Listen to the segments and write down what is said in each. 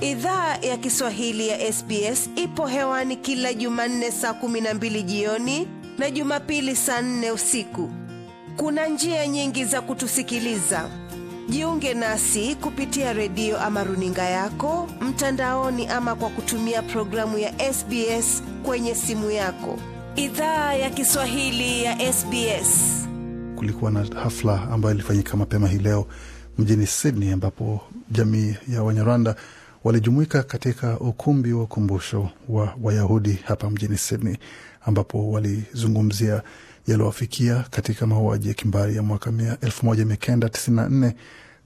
Idhaa ya Kiswahili ya SBS ipo hewani kila Jumanne saa kumi na mbili jioni na Jumapili saa nne usiku. Kuna njia nyingi za kutusikiliza. Jiunge nasi kupitia redio ama runinga yako mtandaoni, ama kwa kutumia programu ya SBS kwenye simu yako. Idhaa ya Kiswahili ya SBS. Kulikuwa na hafla ambayo ilifanyika mapema hii leo mjini Sydney, ambapo jamii ya Wanyarwanda walijumuika katika ukumbi wa ukumbusho wa Wayahudi hapa mjini Sydney, ambapo walizungumzia yaliyowafikia katika mauaji ya kimbari ya mwaka 1994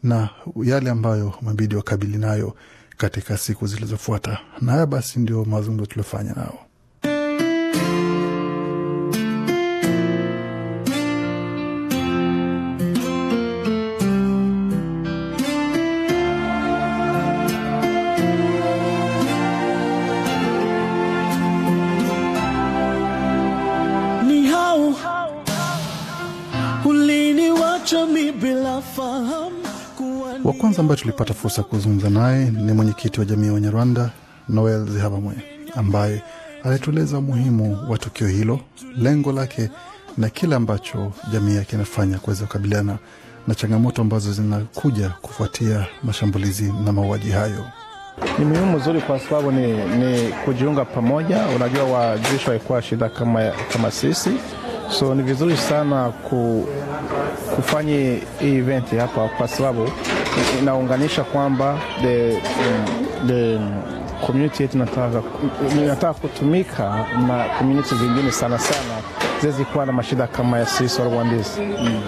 na yale ambayo wamebidi wakabili nayo katika siku zilizofuata. Na haya basi ndio mazungumzo tuliofanya nao. kwanza ambaye tulipata fursa ya kuzungumza naye ni mwenyekiti wa jamii ya Wanyarwanda Noel Zihabamwe ambaye alitueleza umuhimu wa tukio hilo, lengo lake na kile ambacho jamii yake inafanya kuweza kukabiliana na changamoto ambazo zinakuja kufuatia mashambulizi na mauaji hayo. Ni muhimu mzuri kwa sababu ni, ni kujiunga pamoja. Unajua wajishi walikuwa shida kama, kama sisi, so ni vizuri sana ku, kufanya hii eventi hapa kwa sababu inaunganisha kwamba the, mm, the community yetu inataka kutumika na community zingine sana sana kuwa na mashida kama ya sisi wa Rwandese mm.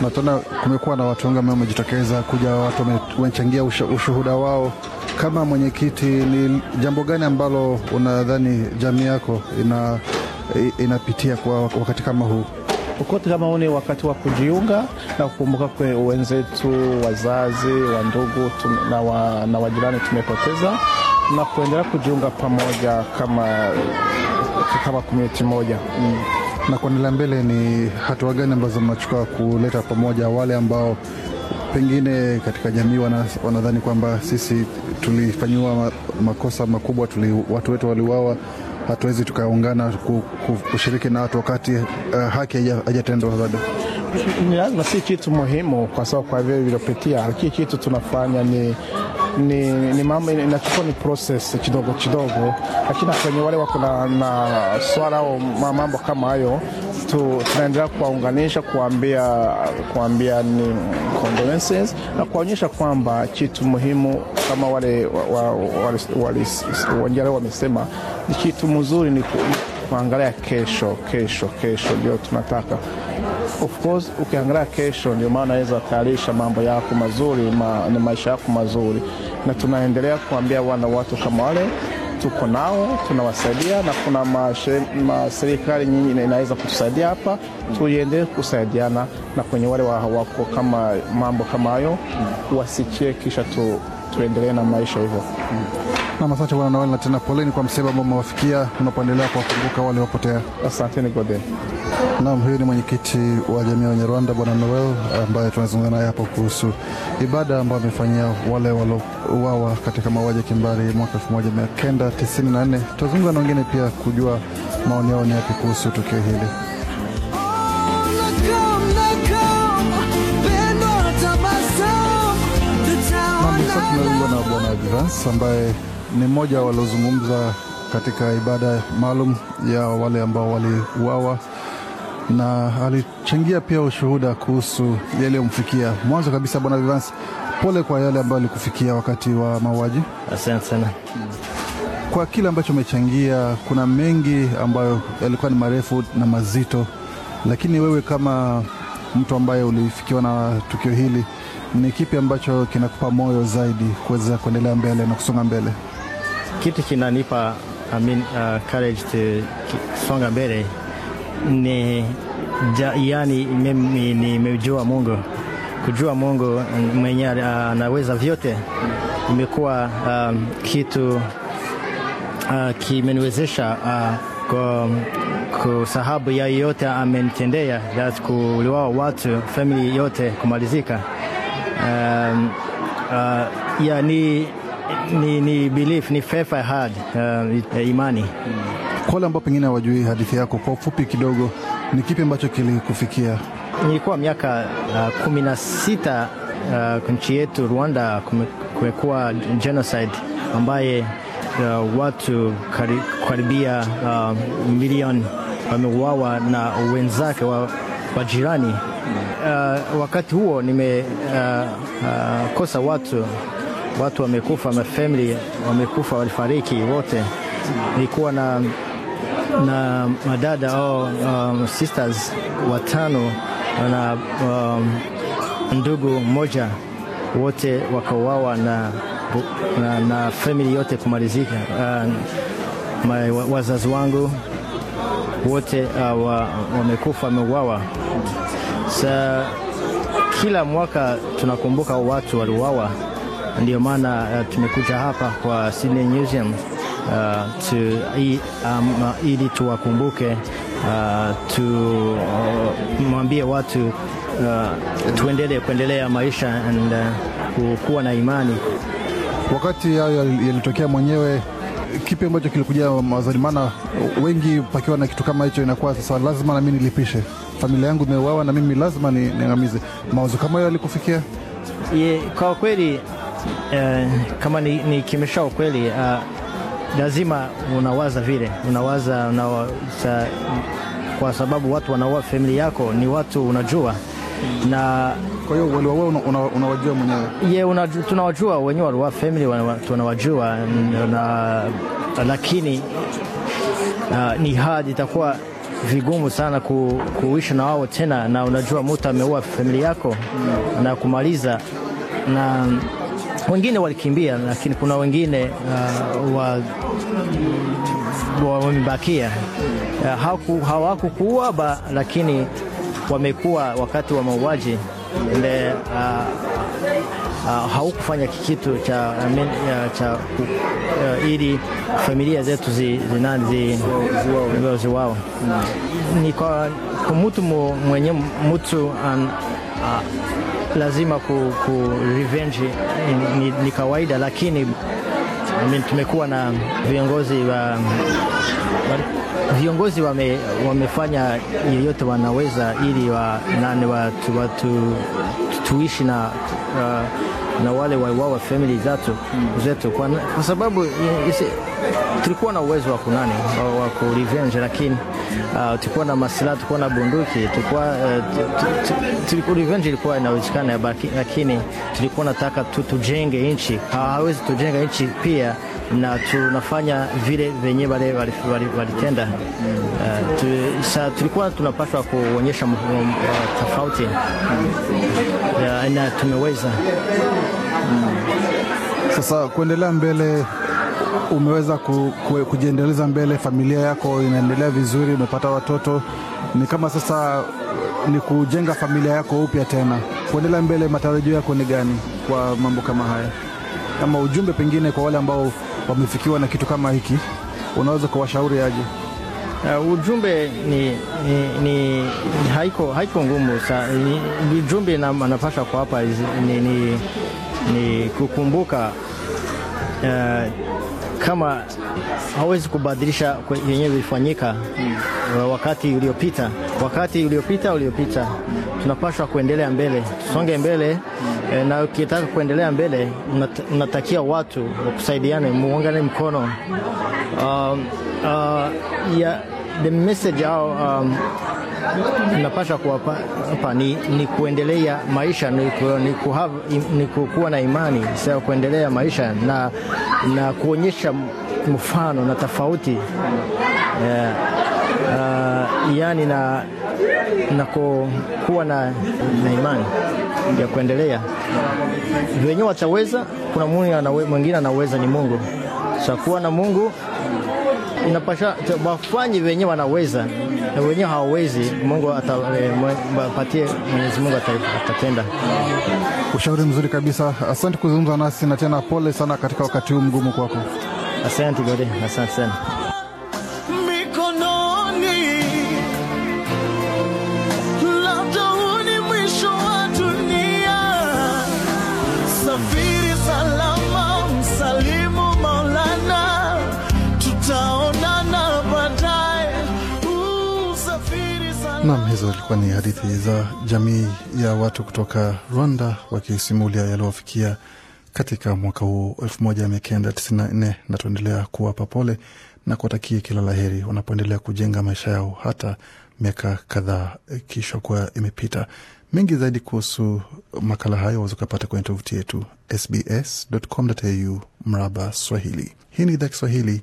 Na tena kumekuwa na watu wengi ambao wamejitokeza kuja, watu wamechangia ushuhuda wao. Kama mwenyekiti, ni jambo gani ambalo unadhani jamii yako ina, inapitia kwa wakati kama huu? Ukote kama uni wakati wa kujiunga na kukumbuka kwe wenzetu, wazazi, ndugu na, wa, na wajirani tumepoteza na kuendelea kujiunga pamoja kama, kama community moja mm. Na kuendelea mbele, ni hatua gani ambazo mnachukua kuleta pamoja wale ambao pengine katika jamii wanadhani kwamba sisi tulifanyiwa makosa makubwa, tuli, watu wetu waliuawa hatuwezi tukaungana kushiriki na watu wakati uh, haki haijatendwa bado. Ni lazima, si kitu muhimu kwa sababu kwa vile vilivyopitia, lakini kitu tunafanya ni ni, ni mambo inachukua ni process kidogo kidogo, lakini kwenye wale wako na swala au mambo kama hayo tu, tunaendelea kuwaunganisha, kuambia kuambia ni condolences na kuonyesha kwamba kitu muhimu kama wale wale wamesema ni kitu mzuri ni kuangalia kesho, kesho, kesho ndio tunataka Of course ukiangalia kesho, ndio maana naweza tayarisha mambo yako mazuri ma, na maisha yako mazuri, na tunaendelea kuambia wana watu kama wale tuko nao tunawasaidia, na kuna maserikali ma nyingi inaweza kutusaidia hapa mm. Tuendelee kusaidiana na kwenye wale wako kama mambo kama hayo mm. Wasikie kisha tu tuendelee na maisha hivyo mm. Nam, asante bwana Noel, na tena poleni kwa msiba ambao umewafikia, unapoendelea kuwakumbuka wale wapotea. Asanteni Godeni. Nam, huyu ni mwenyekiti wa jamii ya Wanyarwanda bwana Noel ambaye tunazungumza naye hapo kuhusu ibada ambayo amefanyia wale waliouawa katika mauaji ya kimbari mwaka 1994. Tutazungumza na wengine pia kujua maoni yao ni yapi kuhusu tukio hili. imeimbwa na Bwana Advance ambaye ni mmoja waliozungumza katika ibada maalum ya wale ambao waliuawa na alichangia pia ushuhuda kuhusu yaliyomfikia. Mwanzo kabisa, Bwana Vivans, pole kwa yale ambayo alikufikia wakati wa mauaji. Asante sana kwa kile ambacho umechangia. Kuna mengi ambayo yalikuwa ni marefu na mazito, lakini wewe kama mtu ambaye ulifikiwa na tukio hili ni kipi ambacho kinakupa moyo zaidi kuweza kuendelea mbele na kusonga mbele? Kitu kinanipa I mean, uh, courage to kusonga mbele ni ja, yani nimejua Mungu, kujua Mungu mwenye uh, anaweza uh, vyote imekuwa um, kitu uh, kimeniwezesha uh, kwa sababu ya yote amenitendea, that kuliwa watu family yote kumalizika Um, uh, yeah, ni, ni, ni belief, ni faith I had, uh, uh, imani kwa wale ambao pengine hawajui hadithi yako, kwa ufupi kidogo, ni kipi ambacho kilikufikia? Nilikuwa miaka uh, kumi na sita uh, nchi yetu Rwanda kumekuwa genocide ambaye uh, watu karibia uh, milioni wameuawa na wenzake wa majirani. Uh, wakati huo nimekosa uh, uh, watu watu wamekufa, mafamili wamekufa, walifariki wote. Nilikuwa na, na madada au um, sisters watano na um, ndugu mmoja, wote wakauawa na, na, na famili yote kumalizika. Uh, wazazi wangu wote uh, wamekufa wameuawa. Sa kila mwaka tunakumbuka watu waliuawa, ndio maana uh, tumekuja hapa kwa Sydney Museum uh, ah, tu, um, ili tuwakumbuke ah, uh, tumwambie uh, watu uh, tuendelee kuendelea maisha and uh, kuwa na imani. Wakati hayo yalitokea mwenyewe kipi ambacho kilikuja mawazoni? Maana wengi pakiwa na kitu kama hicho, inakuwa sasa lazima nami nilipishe, familia yangu imeuawa na mimi lazima niangamize. Mawazo kama hayo yalikufikia? Kwa kweli eh, kama nikimesha ni ukweli eh, lazima unawaza vile unawaza, unawaza kwa sababu watu wanaua familia yako ni watu unajua na kwa hiyo wao unawajua mwenyewe? Yeah, tunawajua wenyewe waliwa family tunawajua mm, na, lakini uh, ni hadi itakuwa vigumu sana ku, kuishi na wao tena, na unajua mtu ameua familia yako mm. na kumaliza na wengine walikimbia, lakini kuna wengine uh, wamebakia wa, wa uh, hawakukuua lakini wamekuwa wakati wa mauaji ile uh, uh, haukufanya kitu cha, uh, cha uh, ili familia zetu wao ni kwa mtu mwenye mtu an, uh, lazima ku, ku revenge ni, ni, ni kawaida lakini tumekuwa na viongozi wa viongozi wame, wamefanya yeyote wanaweza ili wa, nani watu, watu tuishi na uh, na wale waiwawa family zetu hmm. zetu kwa, kwa sababu tulikuwa na uwezo wa kunani wa, ku revenge lakini uh, tulikuwa na masilaha, tulikuwa na bunduki, tulikuwa uh, tulikuwa revenge ilikuwa inawezekana, lakini tulikuwa nataka tutujenge nchi, hawezi tujenga nchi pia na tunafanya vile venye wale walitenda. Uh, tu, tulikuwa tunapaswa kuonyesha uh, tofauti uh, na tumeweza mm. Sasa kuendelea mbele umeweza ku, ku, kujiendeleza mbele, familia yako inaendelea vizuri, umepata watoto, ni kama sasa ni kujenga familia yako upya tena. Kuendelea mbele, matarajio yako ni gani kwa mambo kama haya, ama ujumbe pengine kwa wale ambao wamefikiwa na kitu kama hiki, unaweza kuwashauri aje? Uh, ujumbe ni, ni, ni haiko, haiko ngumu sa, ni, ujumbe na napasha kwa hapa ni, ni, ni kukumbuka uh, kama hawezi kubadilisha yenyewe ilifanyika uh, Wakati uliopita wakati uliopita uliopita, tunapaswa kuendelea mbele, tusonge mbele Eh, na ukitaka kuendelea mbele unatakia watu wakusaidiane, muungane mkono. Um, uh, ya, the message au um, napasha kuwapa ni, ni kuendelea maisha ni, ku, ni, ku have, ni kukuwa na imani sa kuendelea maisha na, na kuonyesha mfano na tofauti yeah. Uh, yani na, na kuwa na, na imani ya kuendelea, wenyewe wataweza. Kuna mwingine anaweza, ni Mungu. kuwa na Mungu inapasha wafanye wenyewe, wanaweza na wenyewe hawawezi, Mungu atapatie, eh, Mwenyezi Mungu atatenda. Ushauri mzuri kabisa, asante kuzungumza nasi, na tena pole sana katika wakati huu mgumu kwako. Asante Gode, asante sana. hizo ilikuwa ni hadithi za jamii ya watu kutoka Rwanda wakisimulia yaliyowafikia katika mwaka huu 1994 na tuendelea kuwapa pole na kuwatakia kila laheri wanapoendelea kujenga maisha yao hata miaka kadhaa ikishakuwa imepita. Mengi zaidi kuhusu makala hayo waweza ukapata kwenye tovuti yetu sbs.com.au mraba Swahili. Hii ni idhaa Kiswahili